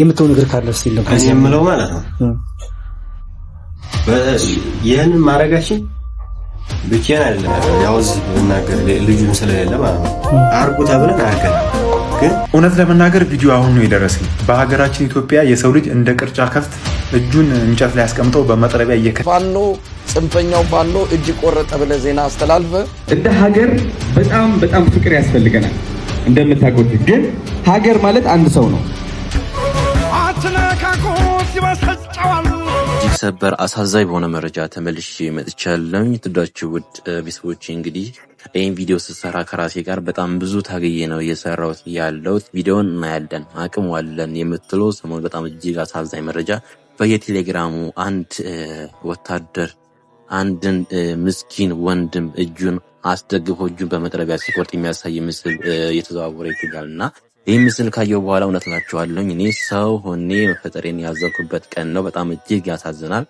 የምትሆን እግር ካለ ሲል እኔ የምለው ማለት ነው ይህንን ማድረጋችን ብቻዬን አይደለም ያው እዚህ ብናገር ልጁም ስለሌለ ማለት ነው አርጉ ተብለን አያገናል ግን እውነት ለመናገር ቪዲዮ አሁን ነው የደረሰኝ። በሀገራችን ኢትዮጵያ የሰው ልጅ እንደ ቅርጫ ከፍት እጁን እንጨት ላይ አስቀምጠው በመጥረቢያ እየከ ፋኖ ጽንፈኛው ፋኖ እጅ ቆረጠ ብለህ ዜና አስተላልፈ። እንደ ሀገር በጣም በጣም ፍቅር ያስፈልገናል። እንደምታቆት ግን ሀገር ማለት አንድ ሰው ነው ሰበር አሳዛኝ በሆነ መረጃ ተመልሼ መጥቻለሁ። የትዳችሁ ውድ ቤተሰቦቼ እንግዲህ ይህን ቪዲዮ ስሰራ ከራሴ ጋር በጣም ብዙ ታግዬ ነው እየሰራሁት ያለሁት። ቪዲዮን እናያለን አቅም ዋለን የምትለው ሰሞኑን በጣም እጅግ አሳዛኝ መረጃ በየቴሌግራሙ አንድ ወታደር አንድን ምስኪን ወንድም እጁን አስደግፎ እጁን በመጥረቢያ ሲቆርጥ የሚያሳይ ምስል እየተዘዋወረ ይገኛል እና ይህ ምስል ካየሁ በኋላ እውነት እላችኋለሁኝ እኔ ሰው ሆኔ መፈጠሬን ያዘንኩበት ቀን ነው። በጣም እጅግ ያሳዝናል።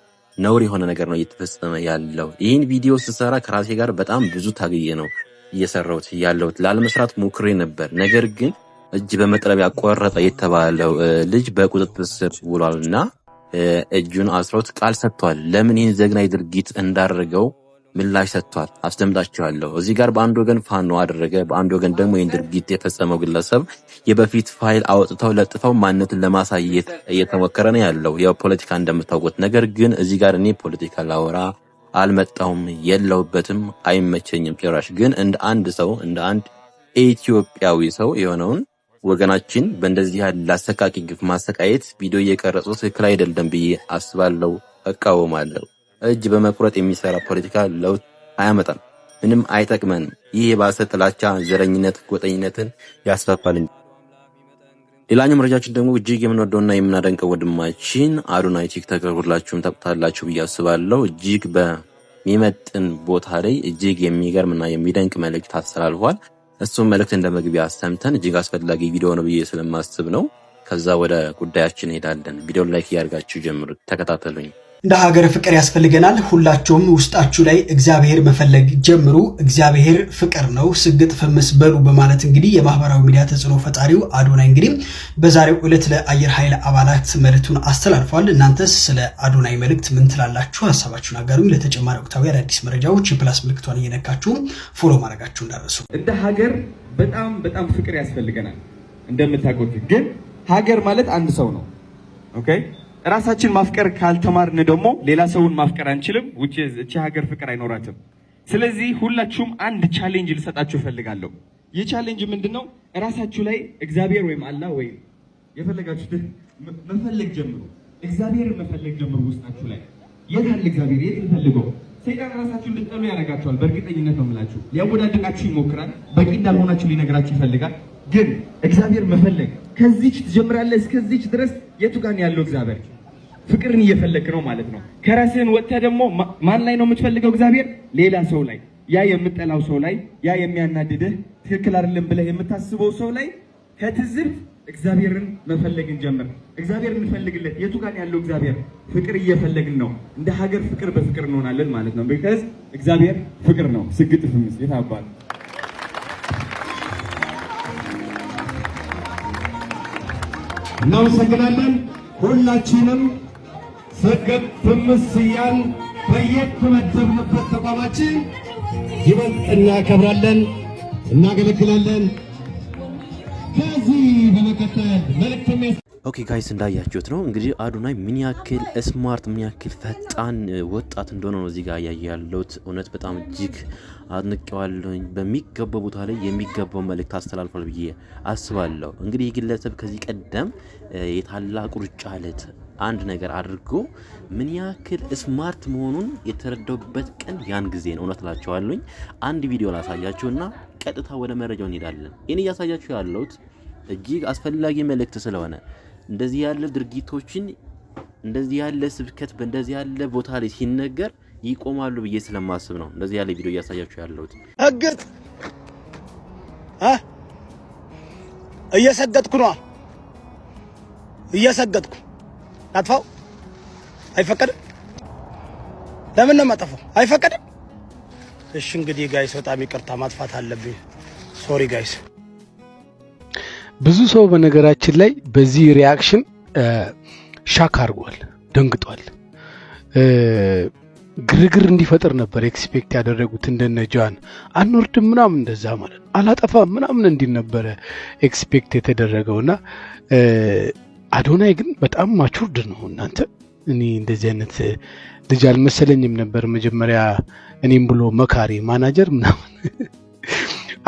ነውር የሆነ ነገር ነው እየተፈጸመ ያለው። ይህን ቪዲዮ ስሰራ ከራሴ ጋር በጣም ብዙ ታግዬ ነው እየሰራሁት ያለሁት። ላለመስራት ሞክሬ ነበር፣ ነገር ግን እጅ በመጥረብ ያቆረጠ የተባለው ልጅ በቁጥጥር ስር ውሏልና እጁን አስረውት ቃል ሰጥቷል። ለምን ይህን ዘግናኝ ድርጊት እንዳደረገው ምላሽ ሰጥቷል። አስደምጣችኋለሁ። እዚህ ጋር በአንድ ወገን ፋኖ አደረገ፣ በአንድ ወገን ደግሞ ይህን ድርጊት የፈጸመው ግለሰብ የበፊት ፋይል አውጥተው ለጥፈው ማንነትን ለማሳየት እየተሞከረ ነው ያለው የፖለቲካ እንደምታውቁት። ነገር ግን እዚህ ጋር እኔ ፖለቲካ ላወራ አልመጣሁም፣ የለውበትም አይመቸኝም ጭራሽ። ግን እንደ አንድ ሰው እንደ አንድ ኢትዮጵያዊ ሰው የሆነውን ወገናችን በእንደዚህ ያለ አሰቃቂ ግፍ ማሰቃየት ቪዲዮ እየቀረጹ ትክክል አይደለም ብዬ አስባለሁ፣ እቃወማለሁ። እጅ በመቁረጥ የሚሰራ ፖለቲካ ለውጥ አያመጣም፣ ምንም አይጠቅመንም። ይህ የባሰ ጥላቻ፣ ዘረኝነት፣ ጎጠኝነትን ያስፋፋል እንጂ። ሌላኛው መረጃችን ደግሞ እጅግ የምንወደውና የምናደንቀው ወንድማችን አዶናይ ቲክቶከር ሁላችሁም ታውቁታላችሁ ብዬ አስባለሁ። እጅግ በሚመጥን ቦታ ላይ እጅግ የሚገርምና የሚደንቅ መልእክት አስተላልፏል። እሱም መልእክት እንደ መግቢያ አሰምተን እጅግ አስፈላጊ ቪዲዮ ነው ብዬ ስለማስብ ነው። ከዛ ወደ ጉዳያችን እንሄዳለን። ቪዲዮ ላይክ እያደርጋችሁ ጀምሩ፣ ተከታተሉኝ። እንደ ሀገር ፍቅር ያስፈልገናል። ሁላችሁም ውስጣችሁ ላይ እግዚአብሔር መፈለግ ጀምሩ። እግዚአብሔር ፍቅር ነው፣ ስግጥ ፍምስ በሉ በማለት እንግዲህ የማህበራዊ ሚዲያ ተጽዕኖ ፈጣሪው አዶናይ እንግዲህ በዛሬው ዕለት ለአየር ኃይል አባላት መልእክቱን አስተላልፏል። እናንተስ ስለ አዶናይ መልእክት ምን ትላላችሁ? ሀሳባችሁን አጋሩኝ። ለተጨማሪ ወቅታዊ አዳዲስ መረጃዎች የፕላስ ምልክቷን እየነካችሁ ፎሎ ማድረጋችሁ እንዳረሱ። እንደ ሀገር በጣም በጣም ፍቅር ያስፈልገናል። እንደምታውቁት ግን ሀገር ማለት አንድ ሰው ነው። ኦኬ ራሳችን ማፍቀር ካልተማርን ደግሞ ሌላ ሰውን ማፍቀር አንችልም። ውጭ እቺ ሀገር ፍቅር አይኖራትም። ስለዚህ ሁላችሁም አንድ ቻሌንጅ ልሰጣችሁ እፈልጋለሁ። ይህ ቻሌንጅ ምንድን ነው? እራሳችሁ ላይ እግዚአብሔር ወይም አላህ ወይ የፈለጋችሁት መፈለግ ጀምሩ። እግዚአብሔር መፈለግ ጀምሩ። ውስጣችሁ ላይ የት አለ እግዚአብሔር? የት እንፈልገው? ሰይጣን ራሳችሁ እንድትጠሉ ያደርጋችኋል። በእርግጠኝነት ነው የምላችሁ። ሊያወዳድቃችሁ ይሞክራል። በቂ እንዳልሆናችሁ ሊነግራችሁ ይፈልጋል። ግን እግዚአብሔር መፈለግ ከዚች ትጀምራለህ እስከዚች ድረስ የቱ ጋር ያለው እግዚአብሔር ፍቅርን እየፈለክ ነው ማለት ነው። ከራስህን ወጥተህ ደግሞ ማን ላይ ነው የምትፈልገው? እግዚአብሔር ሌላ ሰው ላይ፣ ያ የምጠላው ሰው ላይ፣ ያ የሚያናድድህ ትክክል አይደለም ብለህ የምታስበው ሰው ላይ ከትዝብት እግዚአብሔርን መፈለግን ጀምር። እግዚአብሔር እንፈልግለት። የቱ ጋር ያለው እግዚአብሔር ፍቅር እየፈለግን ነው። እንደ ሀገር ፍቅር በፍቅር እንሆናለን ማለት ነው። ቢካዝ እግዚአብሔር ፍቅር ነው። ስግጥ ፍምስ የታባል እናመሰግናለን። ሁላችንም ሰገብ ትምስያን በየተመደብንበት ተቋማችን ይበልጥ እናከብራለን፣ እናገለግላለን። ከዚህ በመቀጠል መልእክት ኦኬ ጋይስ እንዳያችሁት ነው እንግዲህ አዶናይ ምን ያክል ስማርት ምን ያክል ፈጣን ወጣት እንደሆነ ነው እዚህ ጋር እያየ ያለሁት። እውነት በጣም እጅግ አድንቀዋለሁኝ። በሚገባው ቦታ ላይ የሚገባው መልእክት አስተላልፏል ብዬ አስባለሁ። እንግዲህ ግለሰብ ከዚህ ቀደም የታላቁ ሩጫ ዕለት አንድ ነገር አድርጎ ምን ያክል ስማርት መሆኑን የተረዳውበት ቀን ያን ጊዜ ነው። እውነት ላቸዋለኝ። አንድ ቪዲዮ ላሳያችሁና ቀጥታ ወደ መረጃው እንሄዳለን። ይህን እያሳያችሁ ያለሁት እጅግ አስፈላጊ መልእክት ስለሆነ እንደዚህ ያለ ድርጊቶችን እንደዚህ ያለ ስብከት በእንደዚህ ያለ ቦታ ላይ ሲነገር ይቆማሉ ብዬ ስለማስብ ነው እንደዚህ ያለ ቪዲዮ እያሳያችሁ ያለሁት። እግጥ እየሰገጥኩ ነዋ፣ እየሰገጥኩ አጥፋው። አይፈቀድም። ለምን ነው የማጠፋው? አይፈቀድም። እሺ እንግዲህ ጋይስ፣ በጣም ይቅርታ ማጥፋት አለብኝ። ሶሪ ጋይስ። ብዙ ሰው በነገራችን ላይ በዚህ ሪያክሽን ሻክ አድርጓል፣ ደንግጧል። ግርግር እንዲፈጥር ነበር ኤክስፔክት ያደረጉት። እንደነ ጃን አንወርድም ምናምን እንደዛ ማለት አላጠፋም ምናምን እንዲል ነበረ ኤክስፔክት የተደረገውና አዶናይ ግን በጣም ማቹርድ ነው እናንተ። እኔ እንደዚህ አይነት ልጅ አልመሰለኝም ነበር መጀመሪያ። እኔም ብሎ መካሪ ማናጀር ምናምን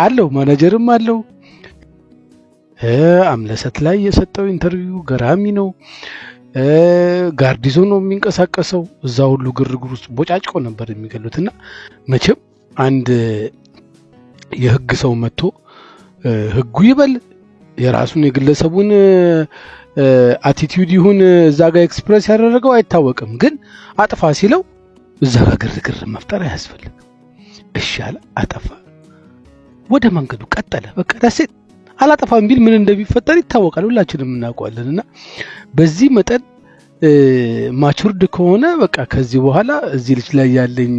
አለው ማናጀርም አለው አምለሰት ላይ የሰጠው ኢንተርቪው ገራሚ ነው። ጋርዲዞ ነው የሚንቀሳቀሰው። እዛ ሁሉ ግርግር ውስጥ ቦጫጭቆ ነበር የሚገሉት እና መቼም አንድ የህግ ሰው መጥቶ ህጉ ይበል የራሱን የግለሰቡን አቲቲዩድ ይሁን እዛ ጋር ኤክስፕረስ ያደረገው አይታወቅም። ግን አጥፋ ሲለው እዛ ጋር ግርግር መፍጠር አያስፈልግም። እሻለ አጠፋ፣ ወደ መንገዱ ቀጠለ። በቃ ደሴት አላጠፋም ቢል ምን እንደሚፈጠር ይታወቃል፣ ሁላችንም እናውቀዋለን። እና በዚህ መጠን ማቹርድ ከሆነ በቃ ከዚህ በኋላ እዚህ ልጅ ላይ ያለኝ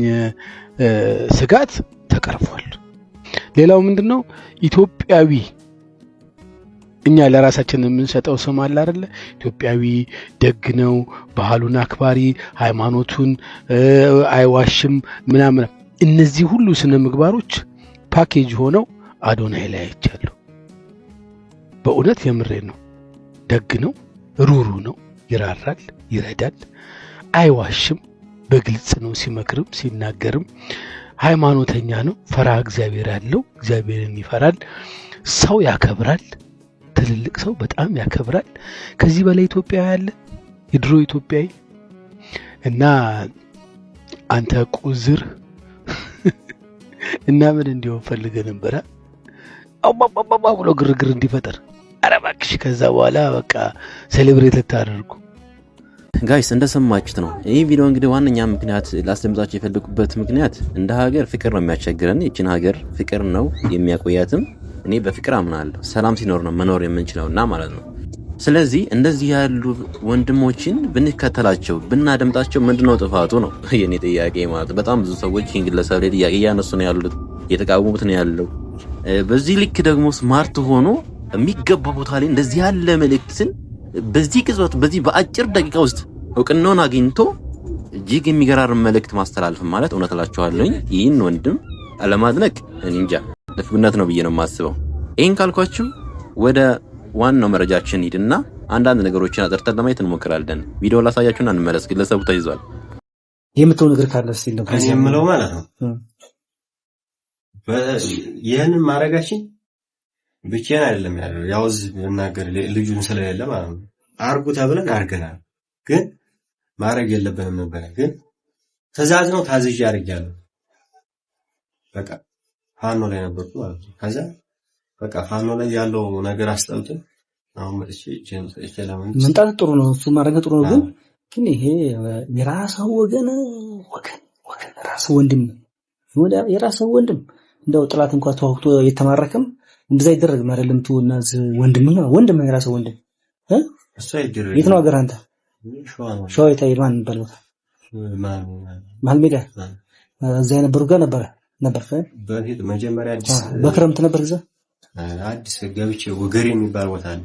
ስጋት ተቀርፏል። ሌላው ምንድን ነው ኢትዮጵያዊ እኛ ለራሳችን የምንሰጠው ስም አለ አይደለ? ኢትዮጵያዊ ደግ ነው፣ ባህሉን አክባሪ፣ ሃይማኖቱን አይዋሽም ምናምን። እነዚህ ሁሉ ስነ ምግባሮች ፓኬጅ ሆነው አዶናይ ላይ አይቻለሁ። በእውነት የምሬ ነው። ደግ ነው፣ ሩሩ ነው፣ ይራራል፣ ይረዳል፣ አይዋሽም፣ በግልጽ ነው። ሲመክርም ሲናገርም ሃይማኖተኛ ነው። ፈራ እግዚአብሔር ያለው እግዚአብሔርን ይፈራል፣ ሰው ያከብራል። ትልልቅ ሰው በጣም ያከብራል። ከዚህ በላይ ኢትዮጵያ ያለ የድሮ ኢትዮጵያዊ እና አንተ ቁዝር እና ምን እንዲሆን ፈልገ ነበረ አባባባ ብሎ ግርግር እንዲፈጠር ኧረ እባክሽ። ከዛ በኋላ በቃ ሴሌብሬት ልታደርጉ ጋይስ እንደሰማችሁት ነው። ይህ ቪዲዮ እንግዲህ ዋነኛ ምክንያት ላስደምጣችሁ የፈለጉበት ምክንያት እንደ ሀገር ፍቅር ነው የሚያስቸግረን። ይችን ሀገር ፍቅር ነው የሚያቆያትም። እኔ በፍቅር አምናለሁ። ሰላም ሲኖር ነው መኖር የምንችለው እና ማለት ነው። ስለዚህ እንደዚህ ያሉ ወንድሞችን ብንከተላቸው ብናደምጣቸው ምንድነው ጥፋቱ ነው የኔ ጥያቄ ማለት። በጣም ብዙ ሰዎች ይህን ግለሰብ ላይ ጥያቄ እያነሱ ነው ያሉት፣ እየተቃወሙት ነው ያለው። በዚህ ልክ ደግሞ ስማርት ሆኖ የሚገባ ቦታ ላይ እንደዚህ ያለ መልእክትን በዚህ ቅጽበት በዚህ በአጭር ደቂቃ ውስጥ እውቅናውን አግኝቶ እጅግ የሚገራርም መልእክት ማስተላለፍ ማለት እውነት እላችኋለሁኝ ይህን ወንድም አለማድነቅ እንጃ ንፍግነት ነው ብዬ ነው የማስበው። ይህን ካልኳችሁ ወደ ዋናው መረጃችን ሂድና አንዳንድ ነገሮችን አጥርተን ለማየት እንሞክራለን። ቪዲዮ ላሳያችሁን እንመለስ። ግለሰቡ ተይዟል። የምትው ነገር ካለ የምለው ማለት ነው ይህንን ማድረጋችን ብቻዬን አይደለም ያለው ያው እዚህ መናገር ልጁም ስለሌለ ማለት ነው። አርጉ ተብለን አርገናል፣ ግን ማድረግ የለብንም ነበረ። ግን ትዕዛዝ ነው ታዝዤ አድርጌያለሁ። በቃ ፋኖ ላይ ነበርኩ ማለት ነው። ከዛ በቃ ፋኖ ላይ ያለው ነገር አስጠልጥን። አሁን መጥቼ መምጣት ጥሩ ነው፣ እሱ ማድረግ ጥሩ ነው። ግን ግን ይሄ የራስህ ወገን ወገን ወገን ራስህ ወንድም የራስህ ወንድም እንደው ጥላት እንኳ ተዋግቶ የተማረክም እንደዛ ይደረግ አይደለም። ትወናዝ ወንድም ወንድም የራስ ወንድም የት ነው ሀገር? አንተ ሸዋ የታየ ማን የሚባል ቦታ መሀል ሜዳ እዛ የነበሩ ጋር ነበረ ነበር። በፊት መጀመሪያ አዲስ በክረምት ነበር እዛ አዲስ ገብቼ ወገሬ የሚባል ቦታ አለ።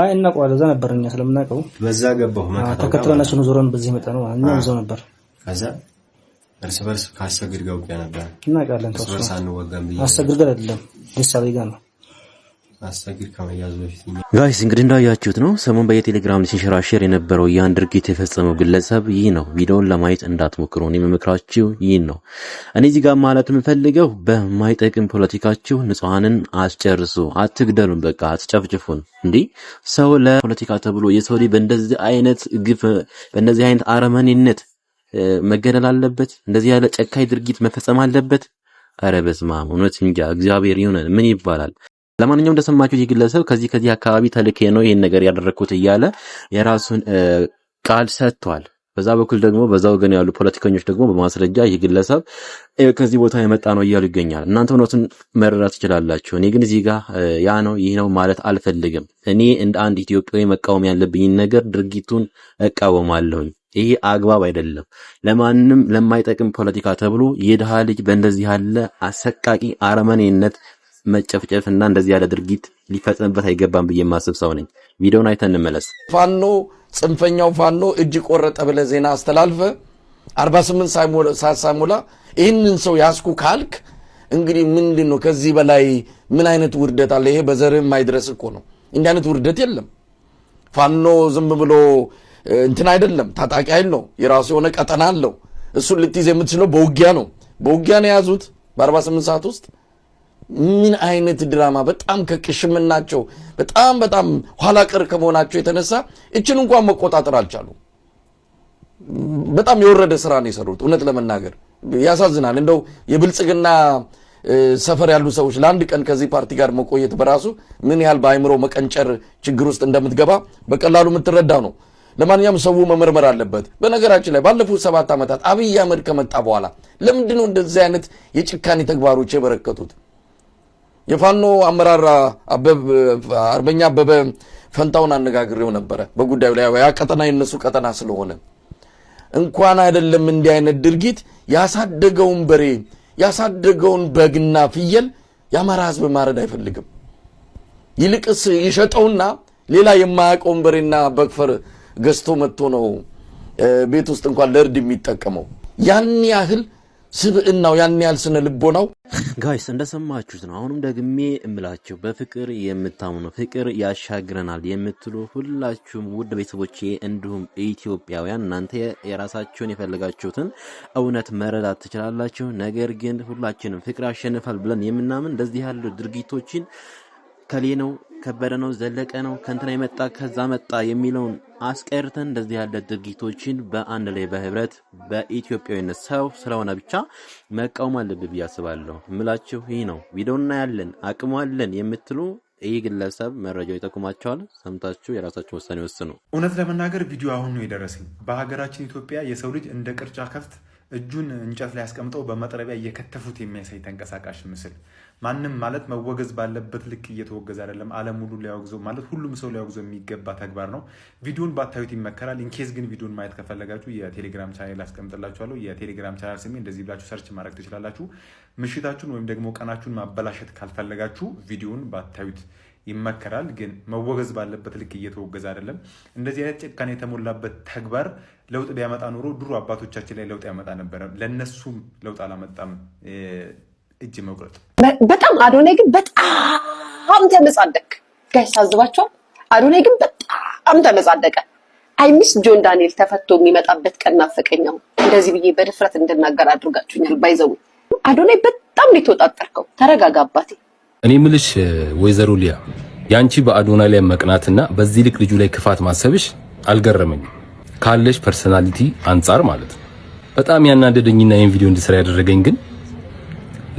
አይ እናውቀዋለን። እዛ ነበር እኛ ስለምናውቀው በዛ ገባሁ። ተከትለናቸው ነው ዞረን በዚህ መጣ ነው። እኛ እዛው ነበር። ከዛ እርስ በርስ ካሰግድ ገውያ ነበር። እናውቃለን። እርስ በርስ አንወጋም አሰግድ ጋር አይደለም ሊሳቤ ጋር ነው ጋይስ እንግዲህ እንዳያችሁት ነው ሰሞን በየቴሌግራም ሲንሸራሸር የነበረው ያን ድርጊት የፈጸመው ግለሰብ ይህ ነው። ቪዲዮውን ለማየት እንዳትሞክሩ። እኔ የምመክራችሁ ይህን ነው። እኔ እዚህ ጋር ማለት የምፈልገው በማይጠቅም ፖለቲካችሁ ንጹሐንን አስጨርሱ፣ አትግደሉን፣ በቃ አትጨፍጭፉን። እንዲህ ሰው ለፖለቲካ ተብሎ የሰው ልጅ በእንደዚህ አይነት ግፍ በእንደዚህ አይነት አረመኔነት መገደል አለበት? እንደዚህ ያለ ጨካኝ ድርጊት መፈጸም አለበት? ኧረ በስመ አብ እውነት እንጃ። እግዚአብሔር ይሆነን ምን ይባላል? ለማንኛውም እንደሰማችሁት ይህ ግለሰብ ከዚህ ከዚህ አካባቢ ተልኬ ነው ይህን ነገር ያደረግኩት እያለ የራሱን ቃል ሰጥቷል። በዛ በኩል ደግሞ በዛ ወገን ያሉ ፖለቲከኞች ደግሞ በማስረጃ ይህ ግለሰብ ከዚህ ቦታ የመጣ ነው እያሉ ይገኛል። እናንተ እውነቱን መረዳት ትችላላችሁ። እኔ ግን እዚህ ጋር ያ ነው ይህ ነው ማለት አልፈልግም። እኔ እንደ አንድ ኢትዮጵያዊ መቃወም ያለብኝን ነገር ድርጊቱን እቃወማለሁኝ። ይሄ አግባብ አይደለም። ለማንም ለማይጠቅም ፖለቲካ ተብሎ የድሃ ልጅ በእንደዚህ ያለ አሰቃቂ አረመኔነት መጨፍጨፍና እንደዚህ ያለ ድርጊት ሊፈጽምበት አይገባም ብዬ የማስብ ሰው ነኝ። ቪዲዮን አይተን እንመለስ። ፋኖ ጽንፈኛው ፋኖ እጅ ቆረጠ ብለህ ዜና አስተላልፈ 48 ሰዓት ሳይሞላ ይህንን ሰው ያስኩ ካልክ እንግዲህ ምንድን ነው ከዚህ በላይ ምን አይነት ውርደት አለ? ይሄ በዘርህ ማይድረስ እኮ ነው። እንዲህ አይነት ውርደት የለም። ፋኖ ዝም ብሎ እንትን አይደለም፣ ታጣቂ ኃይል ነው። የራሱ የሆነ ቀጠና አለው። እሱን ልትይዝ የምትችለው በውጊያ ነው። በውጊያ ነው የያዙት በ48 ሰዓት ውስጥ ምን አይነት ድራማ! በጣም ከቅሽምናቸው በጣም በጣም ኋላ ቀር ከመሆናቸው የተነሳ እችን እንኳን መቆጣጠር አልቻሉም። በጣም የወረደ ስራ ነው የሰሩት። እውነት ለመናገር ያሳዝናል። እንደው የብልጽግና ሰፈር ያሉ ሰዎች ለአንድ ቀን ከዚህ ፓርቲ ጋር መቆየት በራሱ ምን ያህል በአይምሮ መቀንጨር ችግር ውስጥ እንደምትገባ በቀላሉ የምትረዳ ነው። ለማንኛውም ሰው መመርመር አለበት። በነገራችን ላይ ባለፉት ሰባት ዓመታት አብይ አህመድ ከመጣ በኋላ ለምንድነው እንደዚህ አይነት የጭካኔ ተግባሮች የበረከቱት? የፋኖ አመራር አርበኛ አበበ ፈንታውን አነጋግሬው ነበረ በጉዳዩ ላይ ያ ቀጠና የነሱ ቀጠና ስለሆነ እንኳን አይደለም እንዲህ አይነት ድርጊት ያሳደገውን በሬ ያሳደገውን በግና ፍየል የአማራ ህዝብ ማረድ አይፈልግም። ይልቅስ ይሸጠውና ሌላ የማያውቀውን በሬና በግፈር ገዝቶ መጥቶ ነው ቤት ውስጥ እንኳን ለእርድ የሚጠቀመው ያን ያህል ስብዕናው ያን ያህል ስነ ልቦናው ጋይስ እንደሰማችሁት ነው። አሁንም ደግሜ እምላችሁ በፍቅር የምታምኑ ፍቅር ያሻግረናል የምትሉ ሁላችሁም ውድ ቤተሰቦቼ እንዲሁም ኢትዮጵያውያን እናንተ የራሳችሁን የፈለጋችሁትን እውነት መረዳት ትችላላችሁ። ነገር ግን ሁላችንም ፍቅር ያሸንፋል ብለን የምናምን እንደዚህ ያሉ ድርጊቶችን ከሌ ነው ከበደ ነው ዘለቀ ነው ከእንትና የመጣ ከዛ መጣ የሚለውን አስቀርተን እንደዚህ ያለ ድርጊቶችን በአንድ ላይ በህብረት በኢትዮጵያዊነት ሰው ስለሆነ ብቻ መቃወም አለብ ብዬ አስባለሁ። ምላችሁ ይህ ነው። ቪዲዮ እናያለን፣ አቅሙ አለን የምትሉ ይህ ግለሰብ መረጃው ይጠቁማቸዋል። ሰምታችሁ የራሳችሁ ውሳኔ ወስኑ። እውነት ለመናገር ቪዲዮ አሁን ነው የደረሰኝ። በሀገራችን ኢትዮጵያ የሰው ልጅ እንደ ቅርጫ ከፍት እጁን እንጨት ላይ አስቀምጠው በመጥረቢያ እየከተፉት የሚያሳይ ተንቀሳቃሽ ምስል ማንም ማለት መወገዝ ባለበት ልክ እየተወገዘ አይደለም። ዓለም ሁሉ ሊያወግዘው ማለት ሁሉም ሰው ሊያወግዘው የሚገባ ተግባር ነው። ቪዲዮን ባታዩት ይመከራል። ኢንኬዝ ግን ቪዲዮን ማየት ከፈለጋችሁ የቴሌግራም ቻናል አስቀምጥላችኋለሁ። የቴሌግራም ቻናል ስሜ እንደዚህ ብላችሁ ሰርች ማድረግ ትችላላችሁ። ምሽታችሁን ወይም ደግሞ ቀናችሁን ማበላሸት ካልፈለጋችሁ ቪዲዮን ባታዩት ይመከራል። ግን መወገዝ ባለበት ልክ እየተወገዘ አይደለም። እንደዚህ አይነት ጭካኔ የተሞላበት ተግባር ለውጥ ቢያመጣ ኖሮ ድሮ አባቶቻችን ላይ ለውጥ ያመጣ ነበረ። ለእነሱም ለውጥ አላመጣም። እጅ መቁረጥ በጣም አዶናይ ግን በጣም ተመጻደቅ ጋሽ ታዝባቸዋል። አዶናይ ግን በጣም ተመጻደቀ። አይሚስ ጆን ዳንኤል ተፈቶ የሚመጣበት ቀን ናፈቀኛው እንደዚህ ብዬ በድፍረት እንድናገር አድርጋችሁኛል። ባይዘው አዶናይ በጣም ሊተወጣጠርከው ተረጋጋ አባቴ። እኔ ምልሽ ወይዘሮ ሊያ ያንቺ በአዶና ላይ መቅናትና በዚህ ልክ ልጁ ላይ ክፋት ማሰብሽ አልገረመኝም ካለሽ ፐርሰናሊቲ አንጻር ማለት ነው። በጣም ያናደደኝና ይህን ቪዲዮ እንድሰራ ያደረገኝ ግን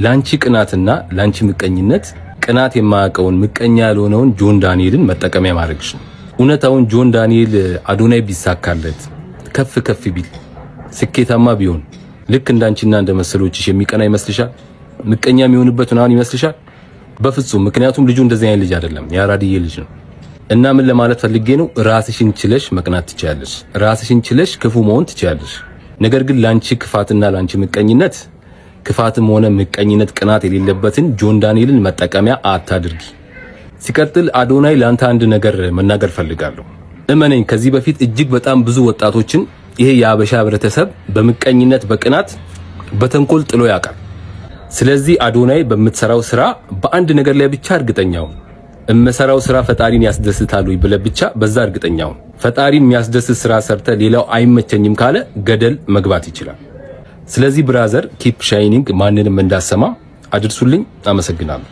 ላንቺ ቅናትና ላንቺ ምቀኝነት ቅናት የማያውቀውን ምቀኛ ያልሆነውን ጆን ዳንኤልን መጠቀሚያ ማድረግሽ ነው። እውነታውን ጆን ዳንኤል አዶናይ ቢሳካለት ከፍ ከፍ ቢል ስኬታማ ቢሆን ልክ እንዳንቺና እንደ መሰሎችሽ የሚቀና ይመስልሻል? ምቀኛ የሚሆንበት ምናምን ይመስልሻል? በፍጹም። ምክንያቱም ልጁ እንደዚህ አይነት ልጅ አይደለም፣ የአራድዬ ልጅ ነው። እና ምን ለማለት ፈልጌ ነው፣ ራስሽን ችለሽ መቅናት ትችያለሽ። ራስሽን ችለሽ ክፉ መሆን ትችያለሽ። ነገር ግን ላንቺ ክፋትና ላንቺ ምቀኝነት ክፋትም ሆነ ምቀኝነት፣ ቅናት የሌለበትን ጆን ዳንኤልን መጠቀሚያ አታድርጊ። ሲቀጥል አዶናይ ለአንተ አንድ ነገር መናገር ፈልጋለሁ። እመነኝ ከዚህ በፊት እጅግ በጣም ብዙ ወጣቶችን ይሄ የአበሻ ህብረተሰብ በምቀኝነት፣ በቅናት፣ በተንኮል ጥሎ ያውቃል። ስለዚህ አዶናይ በምትሰራው ስራ በአንድ ነገር ላይ ብቻ እርግጠኛው እመሰራው ስራ ፈጣሪን ያስደስታሉ ብለህ ብቻ በዛ እርግጠኛው ፈጣሪን የሚያስደስት ስራ ሰርተ ሌላው አይመቸኝም ካለ ገደል መግባት ይችላል። ስለዚህ ብራዘር ኪፕ ሻይኒንግ ማንንም እንዳሰማ አድርሱልኝ። አመሰግናለሁ።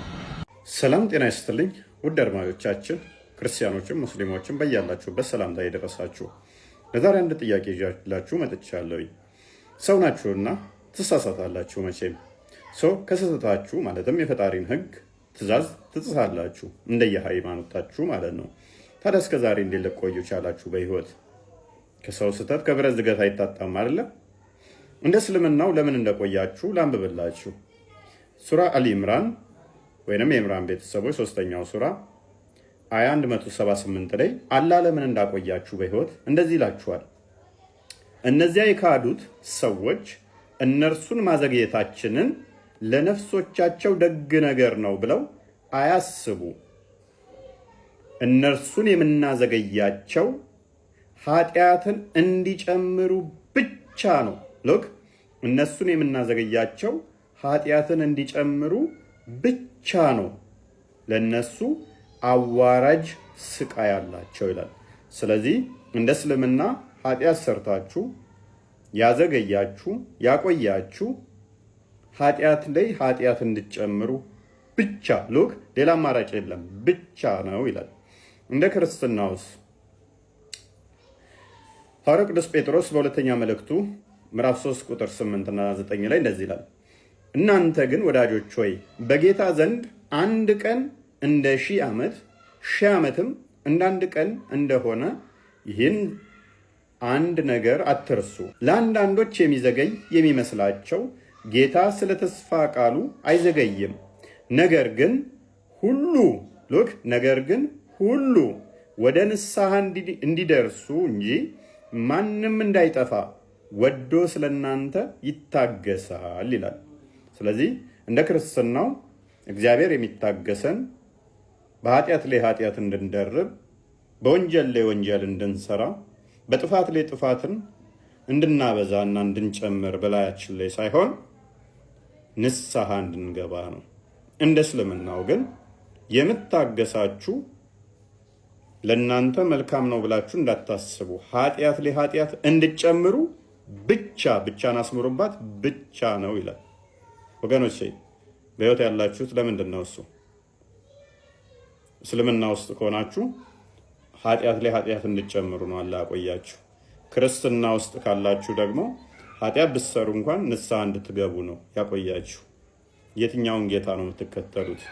ሰላም ጤና ይስጥልኝ። ውድ አድማጮቻችን ክርስቲያኖችም ሙስሊሞችም በያላችሁበት ሰላምታ የደረሳችሁ ለዛሬ አንድ ጥያቄ ይዣላችሁ መጥቻለሁኝ። ሰው ናችሁና ትሳሳታላችሁ። መቼም ሰው ከስህተታችሁ ማለትም የፈጣሪን ህግ ትእዛዝ ትጥሳላችሁ እንደየ ሃይማኖታችሁ ማለት ነው። ታዲያ እስከዛሬ ዛሬ እንዴት ልትቆዩ ቻላችሁ በህይወት? ከሰው ስህተት ከብረት ዝገት አይታጣም አይደለም? እንደ እስልምናው ለምን እንደቆያችሁ ላንብብላችሁ። ሱራ አልኢምራን ወይም የኢምራን ቤተሰቦች ሶስተኛው ሱራ አያ 178 ላይ አላህ ለምን እንዳቆያችሁ በህይወት እንደዚህ ይላችኋል። እነዚያ የካዱት ሰዎች እነርሱን ማዘግየታችንን ለነፍሶቻቸው ደግ ነገር ነው ብለው አያስቡ። እነርሱን የምናዘገያቸው ኃጢአትን እንዲጨምሩ ብቻ ነው። ሉክ እነሱን የምናዘገያቸው ኃጢአትን እንዲጨምሩ ብቻ ነው። ለነሱ አዋራጅ ስቃይ አላቸው ይላል። ስለዚህ እንደ እስልምና ኃጢአት ሰርታችሁ ያዘገያችሁ ያቆያችሁ ኃጢአት ላይ ኃጢአት እንድጨምሩ ብቻ ሉክ ሌላ አማራጭ የለም ብቻ ነው ይላል። እንደ ክርስትናውስ ሐዋርያው ቅዱስ ጴጥሮስ በሁለተኛ መልእክቱ ምዕራፍ 3 ቁጥር 8 እና 9 ላይ እንደዚህ ይላል፣ እናንተ ግን ወዳጆች ሆይ በጌታ ዘንድ አንድ ቀን እንደ ሺህ ዓመት ሺህ ዓመትም እንደ አንድ ቀን እንደሆነ ይህን አንድ ነገር አትርሱ። ለአንዳንዶች የሚዘገይ የሚመስላቸው ጌታ ስለ ተስፋ ቃሉ አይዘገይም። ነገር ግን ሁሉ ልክ ነገር ግን ሁሉ ወደ ንስሐ እንዲደርሱ እንጂ ማንም እንዳይጠፋ ወዶ ስለ እናንተ ይታገሳል ይላል። ስለዚህ እንደ ክርስትናው እግዚአብሔር የሚታገሰን በኃጢአት ላይ ኃጢአት እንድንደርብ፣ በወንጀል ላይ ወንጀል እንድንሰራ፣ በጥፋት ላይ ጥፋትን እንድናበዛ እና እንድንጨምር በላያችን ላይ ሳይሆን ንስሐ እንድንገባ ነው። እንደ እስልምናው ግን የምታገሳችሁ ለእናንተ መልካም ነው ብላችሁ እንዳታስቡ ኃጢአት ላይ ኃጢአት እንድጨምሩ ብቻ ብቻን አስምሩባት ብቻ ነው ይላል። ወገኖቼ በህይወት ያላችሁት ለምንድን ነው? እሱ እስልምና ውስጥ ከሆናችሁ ኃጢአት ላይ ኃጢአት እንድጨምሩ ነው አላ ያቆያችሁ። ክርስትና ውስጥ ካላችሁ ደግሞ ኃጢአት ብትሰሩ እንኳን ንስሐ እንድትገቡ ነው ያቆያችሁ። የትኛውን ጌታ ነው የምትከተሉት?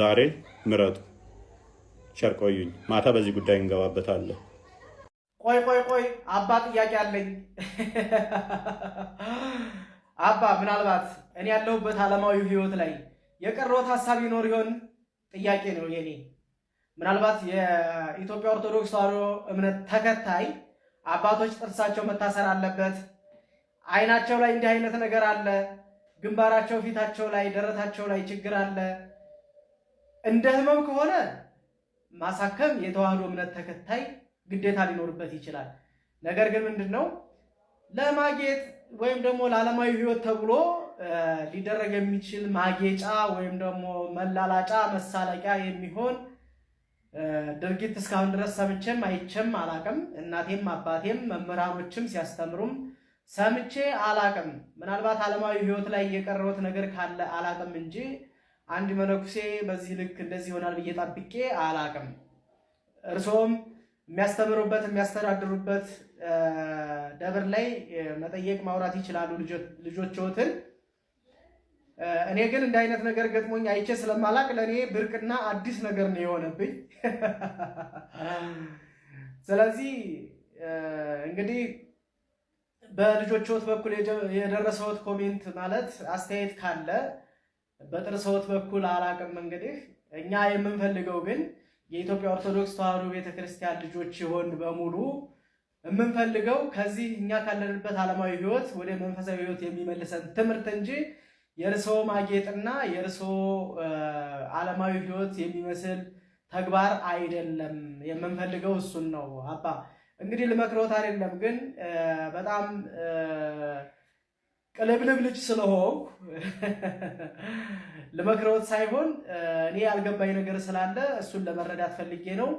ዛሬ ምረጡ። ቸር ቆዩኝ። ማታ በዚህ ጉዳይ እንገባበታለን። ቆይ ቆይ ቆይ አባ ጥያቄ አለኝ። አባ ምናልባት እኔ ያለሁበት ዓለማዊ ህይወት ላይ የቀረውት ሀሳብ ይኖር ይሆን? ጥያቄ ነው የኔ። ምናልባት የኢትዮጵያ ኦርቶዶክስ ተዋሕዶ እምነት ተከታይ አባቶች ጥርሳቸው መታሰር አለበት፣ አይናቸው ላይ እንዲህ አይነት ነገር አለ፣ ግንባራቸው፣ ፊታቸው ላይ፣ ደረታቸው ላይ ችግር አለ። እንደ ህመም ከሆነ ማሳከም የተዋሕዶ እምነት ተከታይ ግዴታ ሊኖርበት ይችላል። ነገር ግን ምንድን ነው ለማጌጥ ወይም ደግሞ ለዓለማዊ ሕይወት ተብሎ ሊደረግ የሚችል ማጌጫ ወይም ደግሞ መላላጫ መሳለቂያ የሚሆን ድርጊት እስካሁን ድረስ ሰምቼም አይቼም አላቅም። እናቴም አባቴም መምህራኖችም ሲያስተምሩም ሰምቼ አላቅም። ምናልባት ዓለማዊ ሕይወት ላይ የቀረውት ነገር ካለ አላቅም እንጂ አንድ መነኩሴ በዚህ ልክ እንደዚህ ይሆናል ብዬ ጠብቄ አላቅም። እርሶም የሚያስተምሩበት የሚያስተዳድሩበት ደብር ላይ መጠየቅ ማውራት ይችላሉ ልጆችዎትን። እኔ ግን እንደ አይነት ነገር ገጥሞኝ አይቼ ስለማላቅ ለእኔ ብርቅና አዲስ ነገር ነው የሆነብኝ። ስለዚህ እንግዲህ በልጆችዎት በኩል የደረሰዎት ኮሜንት ማለት አስተያየት ካለ በጥርሰዎት በኩል አላቅም። እንግዲህ እኛ የምንፈልገው ግን የኢትዮጵያ ኦርቶዶክስ ተዋሕዶ ቤተክርስቲያን ልጆች ይሆን በሙሉ የምንፈልገው ከዚህ እኛ ካለንበት ዓለማዊ ህይወት ወደ መንፈሳዊ ህይወት የሚመልሰን ትምህርት እንጂ የእርሶ ማጌጥና የእርሶ ዓለማዊ ህይወት የሚመስል ተግባር አይደለም። የምንፈልገው እሱን ነው። አባ እንግዲህ ልመክሮት አይደለም ግን በጣም ቅልብልብ ልጅ ስለሆንኩ ለመክረውት ሳይሆን እኔ ያልገባኝ ነገር ስላለ እሱን ለመረዳት ፈልጌ ነው።